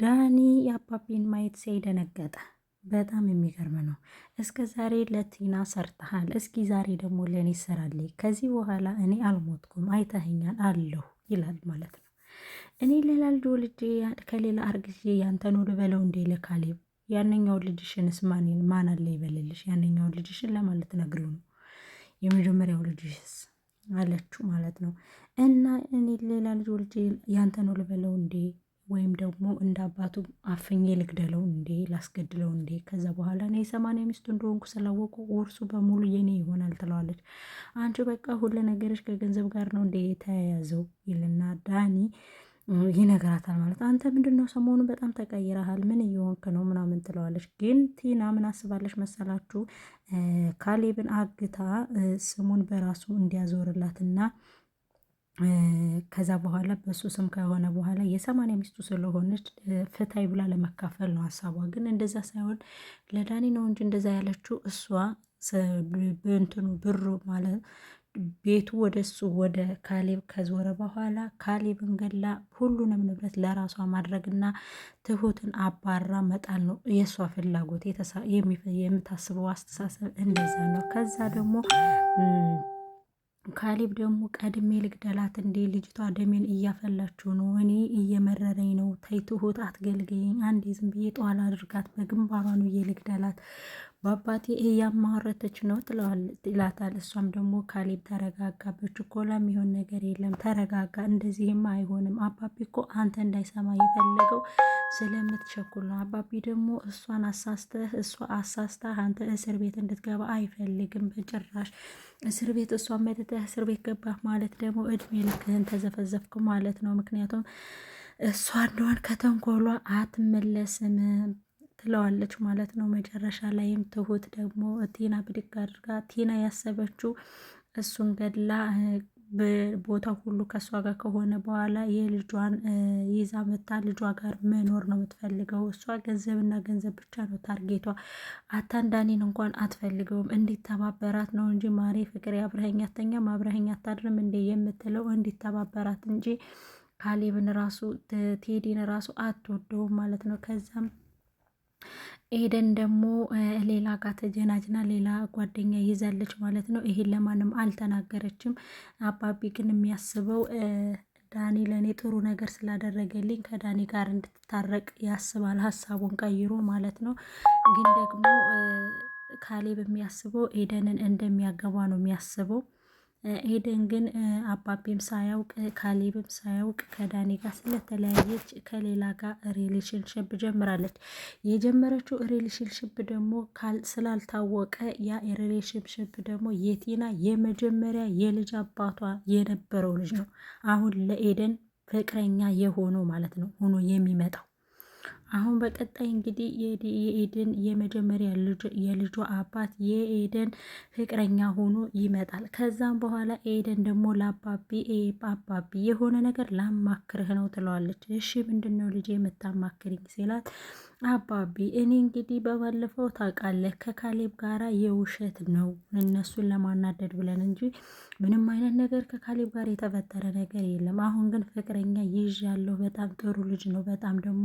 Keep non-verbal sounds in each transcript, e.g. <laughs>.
ዳኒ የአባቢን ማየት ሲያይ ደነገጠ። በጣም የሚገርም ነው። እስከ ዛሬ ለቲና ሰርተሃል፣ እስኪ ዛሬ ደግሞ ለእኔ ይሰራልኝ። ከዚህ በኋላ እኔ አልሞትኩም፣ አይተኸኛል አለሁ ይላል ማለት ነው። እኔ ሌላ ልጅ ወልጄ ከሌላ አርግዤ ያንተን ልበለው በለው እንዴ ለካሌብ ያነኛውን ልጅሽንስ ማን አለ ይበልልሽ? ያነኛው ልጅሽን ለማለት ነግሪው ነው የመጀመሪያው ልጅሽስ አለችው ማለት ነው። እና እኔ ሌላ ልጅ ወልጄ ያንተን ወደ በለው እንዴ ወይም ደግሞ እንደ አባቱ አፍኜ ልግደለው እንዴ ላስገድለው እንዴ? ከዛ በኋላ እኔ የሰማንያ ሚስቱ እንደሆንኩ ስላወቁ ውርሱ በሙሉ የኔ ይሆናል ትለዋለች። አንቺ በቃ ሁሉ ነገሮች ከገንዘብ ጋር ነው እንዴ የተያያዘው? ይልና ዳኒ ይነግራታል ማለት አንተ ምንድን ነው ሰሞኑን በጣም ተቀይረሃል፣ ምን እየሆንክ ነው ምናምን ትለዋለች። ግን ቲና ምን አስባለች መሰላችሁ? ካሌብን አግታ ስሙን በራሱ እንዲያዞርላትና ከዛ በኋላ በሱ ስም ከሆነ በኋላ የሰማንያ ሚስቱ ስለሆነች ፍታይ ብላ ለመካፈል ነው ሀሳቧ። ግን እንደዛ ሳይሆን ለዳኒ ነው እንጂ እንደዛ ያለችው እሷ ብንትኑ ብሩ ማለት ቤቱ ወደ እሱ ወደ ካሌብ ከዞረ በኋላ ካሌብን ገላ ሁሉንም ንብረት ለራሷ ማድረግና ትሁትን አባራ መጣል ነው የእሷ ፍላጎት። የምታስበው አስተሳሰብ እንደዛ ነው። ከዛ ደግሞ ካሌብ ደግሞ ቀድሜ ልግደላት እንዴ? ልጅቷ ደሜን እያፈላችው ነው፣ እኔ እየመረረኝ ነው። ተይ ትሁት አትገልገኝ፣ አንዴ ዝም ብዬ ጧል አድርጋት፣ በግንባሯ ነው ልግደላት በአባቴ እያማረተች ነው ይላታል። እሷም ደግሞ ካሌብ ተረጋጋ፣ በችኮላ የሚሆን ነገር የለም ተረጋጋ፣ እንደዚህም አይሆንም። አባቢ እኮ አንተ እንዳይሰማ የፈለገው ስለምትቸኩል ነው። አባቢ ደግሞ እሷን አሳስተህ እሷ አሳስታ አንተ እስር ቤት እንድትገባ አይፈልግም በጭራሽ። እስር ቤት እሷ መጥተህ እስር ቤት ገባህ ማለት ደግሞ እድሜ ልክህን ተዘፈዘፍኩ ማለት ነው። ምክንያቱም እሷ እንደሆን ከተንኮሏ አትመለስም። ትለዋለች ማለት ነው። መጨረሻ ላይም ትሁት ደግሞ ቲና ብድግ አድርጋ ቲና ያሰበችው እሱን ገድላ ቦታው ሁሉ ከእሷ ጋር ከሆነ በኋላ የልጇን ይዛ መታ ልጇ ጋር መኖር ነው የምትፈልገው። እሷ ገንዘብና ገንዘብ ብቻ ነው ታርጌቷ። አታንዳኒን እንኳን አትፈልገውም። እንዲተባበራት ነው እንጂ ማሬ ፍቅሬ አብረኸኝ አትተኛም፣ አብረኸኝ አታድርም እንዴ የምትለው እንዲተባበራት እንጂ ካሌብን ራሱ ቴዲን ራሱ አትወደውም ማለት ነው ከዛም ኤደን ደግሞ ሌላ ጋር ተጀናጅና ሌላ ጓደኛ ይዛለች ማለት ነው። ይሄን ለማንም አልተናገረችም። አባቢ ግን የሚያስበው ዳኒ ለእኔ ጥሩ ነገር ስላደረገልኝ ከዳኒ ጋር እንድትታረቅ ያስባል፣ ሀሳቡን ቀይሮ ማለት ነው። ግን ደግሞ ካሌብ የሚያስበው ኤደንን እንደሚያገባ ነው የሚያስበው ኤደን ግን አባቤም ሳያውቅ ካሌብም ሳያውቅ ከዳኒ ጋር ስለተለያየች ከሌላ ጋር ሪሌሽንሽፕ ጀምራለች። የጀመረችው ሪሌሽንሽፕ ደግሞ ስላልታወቀ ያ ሪሌሽንሽፕ ደግሞ የቲና የመጀመሪያ የልጅ አባቷ የነበረው ልጅ ነው። አሁን ለኤደን ፍቅረኛ የሆነው ማለት ነው ሆኖ የሚመጣው አሁን በቀጣይ እንግዲህ የኤደን የመጀመሪያ የልጇ አባት የኤደን ፍቅረኛ ሆኖ ይመጣል። ከዛም በኋላ ኤደን ደግሞ ለአባቢ አባቢ የሆነ ነገር ላማክርህ ነው ትለዋለች። እሺ ምንድን ነው ልጄ የምታማክርኝ ሲላት አባቢ እኔ እንግዲህ በባለፈው ታውቃለህ ከካሌብ ጋራ የውሸት ነው እነሱን ለማናደድ ብለን እንጂ ምንም አይነት ነገር ከካሌብ ጋር የተፈጠረ ነገር የለም። አሁን ግን ፍቅረኛ ይዥ ያለው በጣም ጥሩ ልጅ ነው። በጣም ደግሞ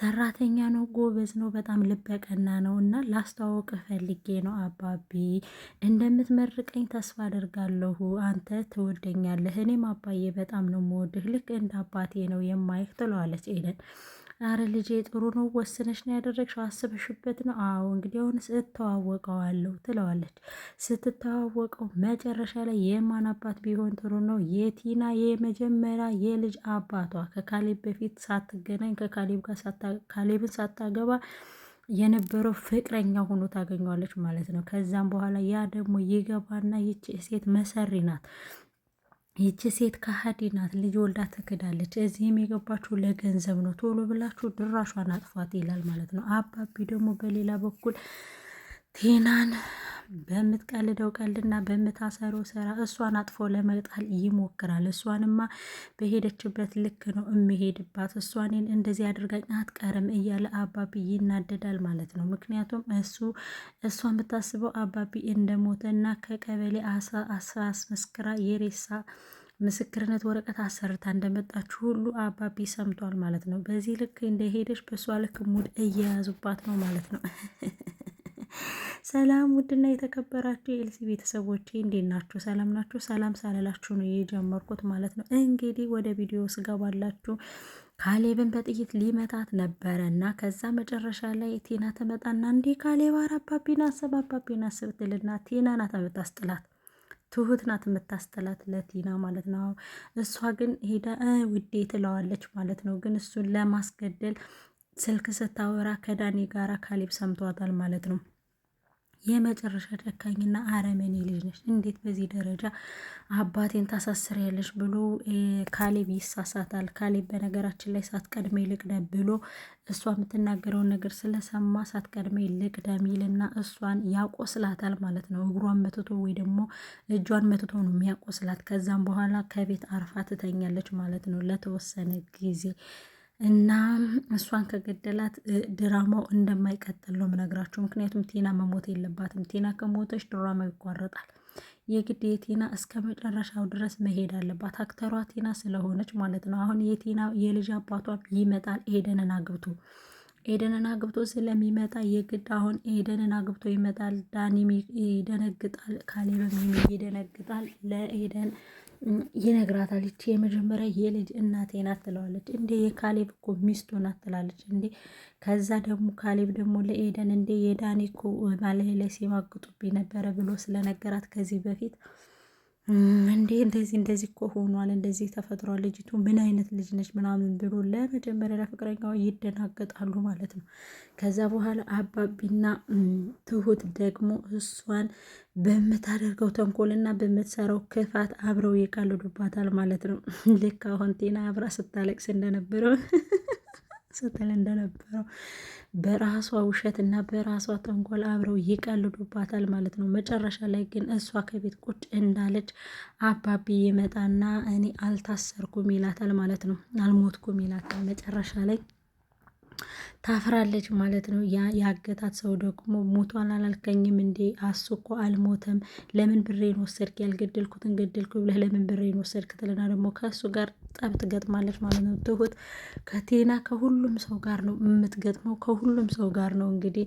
ሰራተኛ ነው፣ ጎበዝ ነው፣ በጣም ልበቀና ነው እና ላስተዋወቅ ፈልጌ ነው አባቢ እንደምትመርቀኝ ተስፋ አደርጋለሁ። አንተ ትወደኛለህ፣ እኔም አባዬ በጣም ነው የምወድህ። ልክ እንደ አባቴ ነው የማይህ ትለዋለች ኤደን አረ ልጄ ጥሩ ነው፣ ወስነሽ ነው ያደረግሽው፣ አስበሽበት ነው? አዎ እንግዲህ አሁን እተዋወቀዋለሁ ትለዋለች። ስትተዋወቀው መጨረሻ ላይ የማን አባት ቢሆን ጥሩ ነው? የቲና የመጀመሪያ የልጅ አባቷ ከካሌብ በፊት ሳትገናኝ ከካሌብ ጋር ካሌብን ሳታገባ የነበረው ፍቅረኛ ሆኖ ታገኘዋለች ማለት ነው። ከዛም በኋላ ያ ደግሞ ይገባና ይቺ ሴት መሰሪ ናት ይቺ ሴት ከሀዲ ናት። ልጅ ወልዳ ትክዳለች። እዚህም የገባችሁ ለገንዘብ ነው፣ ቶሎ ብላችሁ ድራሿን አጥፏት ይላል ማለት ነው። አባቢ ደግሞ በሌላ በኩል ቲናን በምትቀልደው ቀልድና በምታሰረው ስራ እሷን አጥፎ ለመጣል ይሞክራል። እሷንማ በሄደችበት ልክ ነው የሚሄድባት። እሷኔን እንደዚህ አድርጋኝ አትቀርም እያለ አባቢ ይናደዳል ማለት ነው። ምክንያቱም እሱ እሷ የምታስበው አባቢ እንደሞተ እና ከቀበሌ አስመስክራ የሬሳ ምስክርነት ወረቀት አሰርታ እንደመጣችሁ ሁሉ አባቢ ሰምቷል ማለት ነው። በዚህ ልክ እንደሄደች በእሷ ልክ ሙድ እየያዙባት ነው ማለት ነው። ሰላም ውድና የተከበራችሁ የኤልሲ ቤተሰቦቼ እንዴት ናችሁ? ሰላም ናችሁ? ሰላም ሳልላችሁ ነው የጀመርኩት ማለት ነው። እንግዲህ ወደ ቪዲዮ ስገባላችሁ ካሌብን በጥይት ሊመታት ነበረ እና ከዛ መጨረሻ ላይ ቴና ተመጣና እንዲህ ካሌብ አራባቢን አሰብ አባቢን አስብ ትልና ቴና ናት የምታስጥላት፣ ትሁት ናት የምታስጥላት ለቲና ማለት ነው። እሷ ግን ሄዳ ውዴ ትለዋለች ማለት ነው። ግን እሱን ለማስገደል ስልክ ስታወራ ከዳኔ ጋራ ካሌብ ሰምቷታል ማለት ነው። የመጨረሻ ጨካኝና አረመኔ ልጅ ነች። እንዴት በዚህ ደረጃ አባቴን ታሳስሪያለች ብሎ ካሌብ ይሳሳታል። ካሌብ በነገራችን ላይ ሳትቀድሜ ልቅደም ብሎ እሷ የምትናገረውን ነገር ስለሰማ ሳትቀድሜ ልቅደም ይልና እሷን ያቆስላታል ማለት ነው። እግሯን መትቶ ወይ ደግሞ እጇን መትቶ ነው የሚያቆስላት። ከዛም በኋላ ከቤት አርፋ ትተኛለች ማለት ነው ለተወሰነ ጊዜ እና እሷን ከገደላት ድራማው እንደማይቀጥል ነው የምነግራችሁ። ምክንያቱም ቴና መሞት የለባትም። ቴና ከሞተች ድራማው ይቋረጣል። የግድ የቴና እስከ መጨረሻው ድረስ መሄድ አለባት። አክተሯ ቴና ስለሆነች ማለት ነው። አሁን የቴና የልጅ አባቷም ይመጣል ኤደንን አግብቶ ኤደንን አግብቶ ስለሚመጣ የግድ አሁን ኤደንን አግብቶ ይመጣል። ዳኒም ይደነግጣል፣ ካሌብም ይደነግጣል። ለኤደን ይነግራታል። ይቺ የመጀመሪያ የልጅ እናቴ ናት ትለዋለች። እንዴ የካሌብ እኮ ሚስቱ ናት ትላለች። እንዴ ከዛ ደግሞ ካሌብ ደግሞ ለኤደን እንዴ የዳኔ እኮ ባለሄለ ሲማግጡብኝ ነበረ ብሎ ስለነገራት ከዚህ በፊት እንዴ እንደዚህ እንደዚህ እኮ ሆኗል፣ እንደዚህ ተፈጥሯል፣ ልጅቱ ምን አይነት ልጅ ነች ምናምን ብሎ ለመጀመሪያ ለፍቅረኛው ይደናገጣሉ ማለት ነው። ከዛ በኋላ አባቢና ትሁት ደግሞ እሷን በምታደርገው ተንኮልና በምትሰራው ክፋት አብረው ይቃልዱባታል ማለት ነው። ልክ አሁን አብራ ስታለቅስ እንደነበረው <laughs> ስትል እንደነበረው በራሷ ውሸት እና በራሷ ተንኮል አብረው ይቀልዱባታል ማለት ነው። መጨረሻ ላይ ግን እሷ ከቤት ቁጭ እንዳለች አባቢ ይመጣና እኔ አልታሰርኩም ይላታል ማለት ነው። አልሞትኩም ይላታል መጨረሻ ላይ ታፍራለች ማለት ነው። ያገታት ሰው ደግሞ ሞቷን አላልከኝም እንዴ? አሱ እኮ አልሞተም። ለምን ብሬን ወሰድክ? ያልገደልኩትን ገደልኩ ብለህ ለምን ብሬን ወሰድክ? ትለና ደግሞ ከእሱ ጋር ጠብ ትገጥማለች ማለት ነው። ትሁት ከቴና ከሁሉም ሰው ጋር ነው የምትገጥመው። ከሁሉም ሰው ጋር ነው እንግዲህ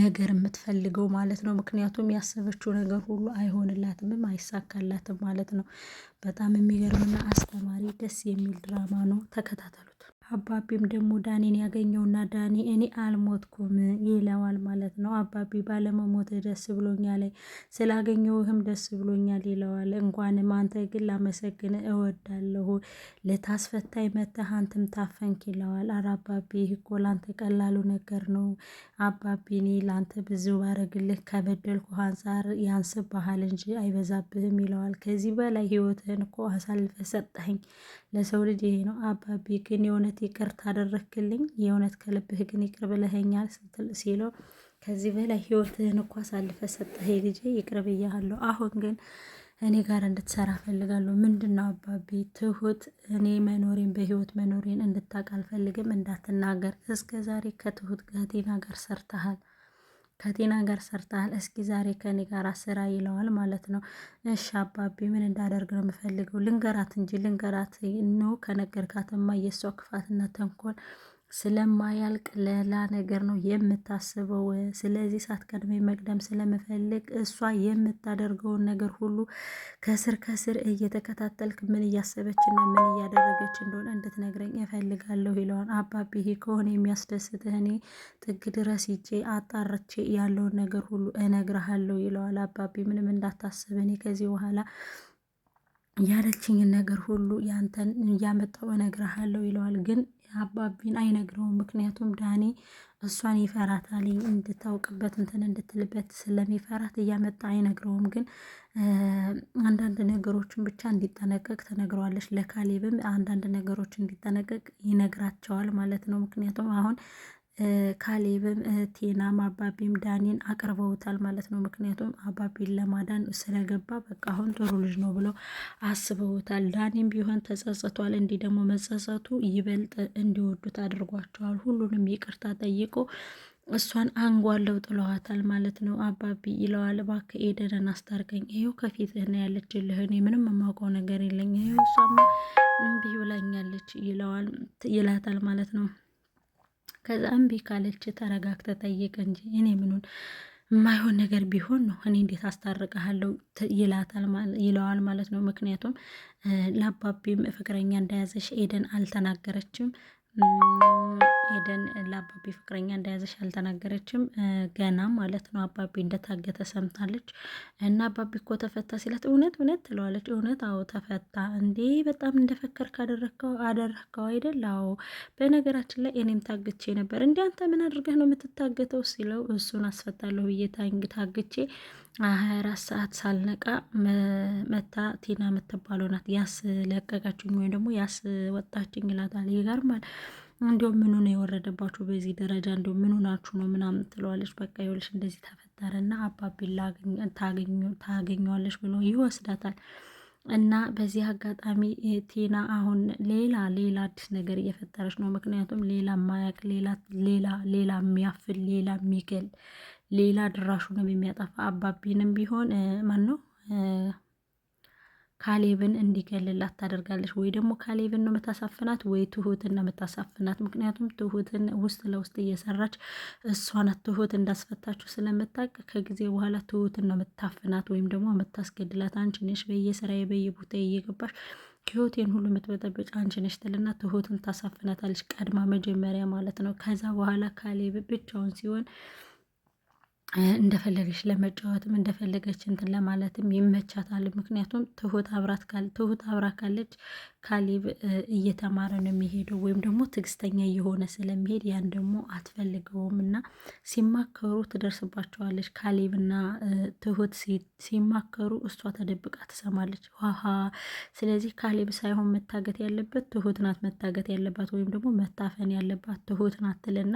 ነገር የምትፈልገው ማለት ነው። ምክንያቱም ያሰበችው ነገር ሁሉ አይሆንላትምም አይሳካላትም ማለት ነው። በጣም የሚገርምና አስተማሪ ደስ የሚል ድራማ ነው። ተከታተሉት። አባቢም ደግሞ ዳኒን ያገኘውና ዳኒ እኔ አልሞትኩም ይለዋል ማለት ነው። አባቢ ባለመሞት ደስ ብሎኛል፣ ስላገኘውህም ደስ ብሎኛል ይለዋል። እንኳንም አንተ ግን ላመሰግን እወዳለሁ፣ ልታስፈታይ መተህ አንተም ታፈንክ ይለዋል። ኧረ አባቢ ይህ እኮ ላንተ ቀላሉ ነገር ነው። አባቢ እኔ ላንተ ብዙ ባረግልህ ከበደልኩ አንጻር ያንስብሃል እንጂ አይበዛብህም ይለዋል። ከዚህ በላይ ህይወትህን እኮ አሳልፈ ሰጠኝ ለሰው ልጅ ይሄ ነው። አባቢ ግን የሆነ በእውነት ይቅር ታደረክልኝ የእውነት ከልብህ ግን ይቅር ብለኸኛል ሲለው ከዚህ በላይ ህይወትህን እኮ አሳልፈ ሰጠህ ልጄ፣ ይቅር ብያሃለሁ። አሁን ግን እኔ ጋር እንድትሰራ ፈልጋለሁ። ምንድን ነው አባቢ ትሁት እኔ መኖሬን በህይወት መኖሬን እንድታውቅ አልፈልግም። እንዳትናገር እስከ ዛሬ ከትሁት ጋቲና ጋር ሰርተሃል። ከቲና ጋር ሰርተሃል፣ እስኪ ዛሬ ከኔ ጋር ስራ ይለዋል ማለት ነው። እሺ አባቤ ምን እንዳደርግ ነው የምፈልገው? ልንገራት እንጂ ልንገራት ነው ከነገርካትማ የእሷ ክፋትና ተንኮል ስለማያልቅ ሌላ ነገር ነው የምታስበው። ስለዚህ ሳትቀድሜ መቅደም ስለምፈልግ እሷ የምታደርገውን ነገር ሁሉ ከስር ከስር እየተከታተልክ ምን እያሰበችና ምን እያደረገች እንደሆነ እንድትነግረኝ እፈልጋለሁ ይለዋል። አባቢ ይሄ ከሆነ የሚያስደስትህ እኔ ጥግ ድረስ ይቼ አጣርቼ ያለውን ነገር ሁሉ እነግርሃለሁ ይለዋል። አባቢ ምንም እንዳታስብ እኔ ከዚህ በኋላ ያለችኝን ነገር ሁሉ ያንተን እያመጣው እነግርሃለሁ ይለዋል። ግን አባቢን አይነግረውም። ምክንያቱም ዳኒ እሷን ይፈራታል እንድታውቅበት እንትን እንድትልበት ስለሚፈራት እያመጣ አይነግረውም። ግን አንዳንድ ነገሮችን ብቻ እንዲጠነቀቅ ተነግረዋለች። ለካሌብም አንዳንድ ነገሮች እንዲጠነቀቅ ይነግራቸዋል ማለት ነው። ምክንያቱም አሁን ካሌብም ቴናም አባቢም ዳኒን አቅርበውታል ማለት ነው። ምክንያቱም አባቢን ለማዳን ስለገባ በቃ አሁን ጥሩ ልጅ ነው ብለው አስበውታል። ዳኒም ቢሆን ተጸጽቷል። እንዲህ ደግሞ መጸጸቱ ይበልጥ እንዲወዱት አድርጓቸዋል። ሁሉንም ይቅርታ ጠይቆ እሷን አንጓለው ጥለዋታል ማለት ነው። አባቢ ይለዋል፣ እባክህ ኤደንን አስታርቀኝ፣ ይኸው ከፊትህ ነው ያለችልህ፣ እኔ ምንም የማውቀው ነገር የለኝ፣ ይኸው እሷማ እምቢ ብላኛለች ይለዋል ይላታል ማለት ነው። ከዛ እምቢ ካለች ተረጋግተ ጠይቅ እንጂ እኔ ምኑን የማይሆን ነገር ቢሆን ነው እኔ እንዴት አስታርቀሃለሁ ይለዋል ማለት ነው። ምክንያቱም ለአባቢም ፍቅረኛ እንደያዘሽ ኤደን አልተናገረችም። ሄደን ለአባቢ ፍቅረኛ እንደያዘች አልተናገረችም ገና ማለት ነው። አባቢ እንደታገተ ሰምታለች እና አባቢ እኮ ተፈታ ሲላት እውነት እውነት ትለዋለች። እውነት አዎ ተፈታ እንዴ! በጣም እንደፈከር ካደረግከው አደረግከው አይደል? አዎ። በነገራችን ላይ እኔም ታግቼ ነበር። እንዲ አንተ ምን አድርገህ ነው የምትታገተው? ሲለው እሱን አስፈታለሁ ብዬ ታግቼ ሀያ አራት ሰዓት ሳልነቃ መታ ቲና የምትባለው ናት ያስለቀቀችኝ ወይም ደግሞ ያስወጣችኝ ይላታል። ይገርማል። እንዲሁም ምኑ ነው የወረደባችሁ በዚህ ደረጃ እንዲሁም ምኑ ናችሁ ነው ምናምን ትለዋለች። በቃ ይኸውልሽ እንደዚህ ተፈጠረና አባቢላ ታገኘዋለች ብሎ ይወስዳታል። እና በዚህ አጋጣሚ ቲና አሁን ሌላ ሌላ አዲስ ነገር እየፈጠረች ነው። ምክንያቱም ሌላ ማያቅ ሌላ ሌላ ሌላ የሚያፍል ሌላ የሚገል ሌላ ድራሹንም የሚያጠፋ አባቢንም ቢሆን ማን ነው ካሌብን እንዲገልላት ታደርጋለች። ወይ ደግሞ ካሌብን ነው የምታሳፍናት፣ ወይ ትሁትን ነው የምታሳፍናት። ምክንያቱም ትሁትን ውስጥ ለውስጥ እየሰራች እሷናት ትሁት እንዳስፈታችሁ ስለምታቅ ከጊዜ በኋላ ትሁትን ነው የምታፍናት፣ ወይም ደግሞ የምታስገድላት። አንቺ ነሽ በየስራዬ በየቦታ እየገባሽ ህይወቴን ሁሉ የምትበጠብጭ አንቺ ነሽ ትልና ትሁትን ታሳፍናታለች። ቀድማ መጀመሪያ ማለት ነው። ከዛ በኋላ ካሌብ ብቻውን ሲሆን እንደፈለገች ለመጫወትም እንደፈለገች እንትን ለማለትም ይመቻታል። ምክንያቱም ትሁት አብራት ካለ ትሁት አብራት ካለች ካሌብ እየተማረ ነው የሚሄደው ወይም ደግሞ ትዕግስተኛ እየሆነ ስለሚሄድ ያን ደግሞ አትፈልገውም እና ሲማከሩ ትደርስባቸዋለች። ካሌብና ትሁት ሲማከሩ እሷ ተደብቃ ትሰማለች። ሀ ስለዚህ ካሊብ ሳይሆን መታገት ያለበት ትሁት ናት መታገት ያለባት ወይም ደግሞ መታፈን ያለባት ትሁት ናት ትልና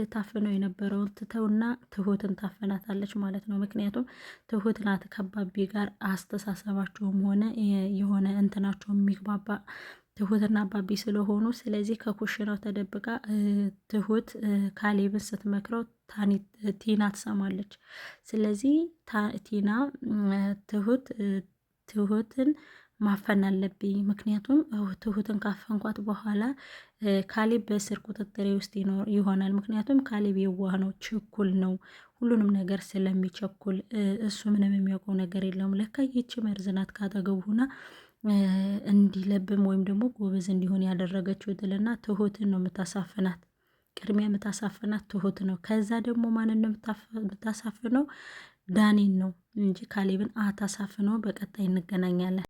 ልታፍነው የነበረውን ትተውና ትሁትን ታፈናታለች ማለት ነው። ምክንያቱም ትሁት ናት ከባቢ ጋር አስተሳሰባቸውም ሆነ የሆነ እንትናቸው የሚግባባ ትሁትና አባቢ ስለሆኑ ስለዚህ ከኩሽናው ተደብቃ ትሁት ካሌብን ስትመክረው ቲና ትሰማለች። ስለዚህ ቲና ትሁት ትሁትን ማፈን አለብኝ። ምክንያቱም ትሁትን ካፈንኳት በኋላ ካሌብ በስር ቁጥጥሬ ውስጥ ይሆናል። ምክንያቱም ካሌብ የዋህ ነው፣ ችኩል ነው። ሁሉንም ነገር ስለሚቸኩል እሱ ምንም የሚያውቀው ነገር የለውም። ለካ ይቺ መርዝናት ካጠገቡ ሁና እንዲለብም ወይም ደግሞ ጎበዝ እንዲሆን ያደረገችው ትልና ትሁትን ነው የምታሳፍናት። ቅድሚያ የምታሳፍናት ትሁት ነው። ከዛ ደግሞ ማንን ነው የምታሳፍነው? ዳኔን ነው እንጂ ካሌብን አታሳፍነው። በቀጣይ እንገናኛለን።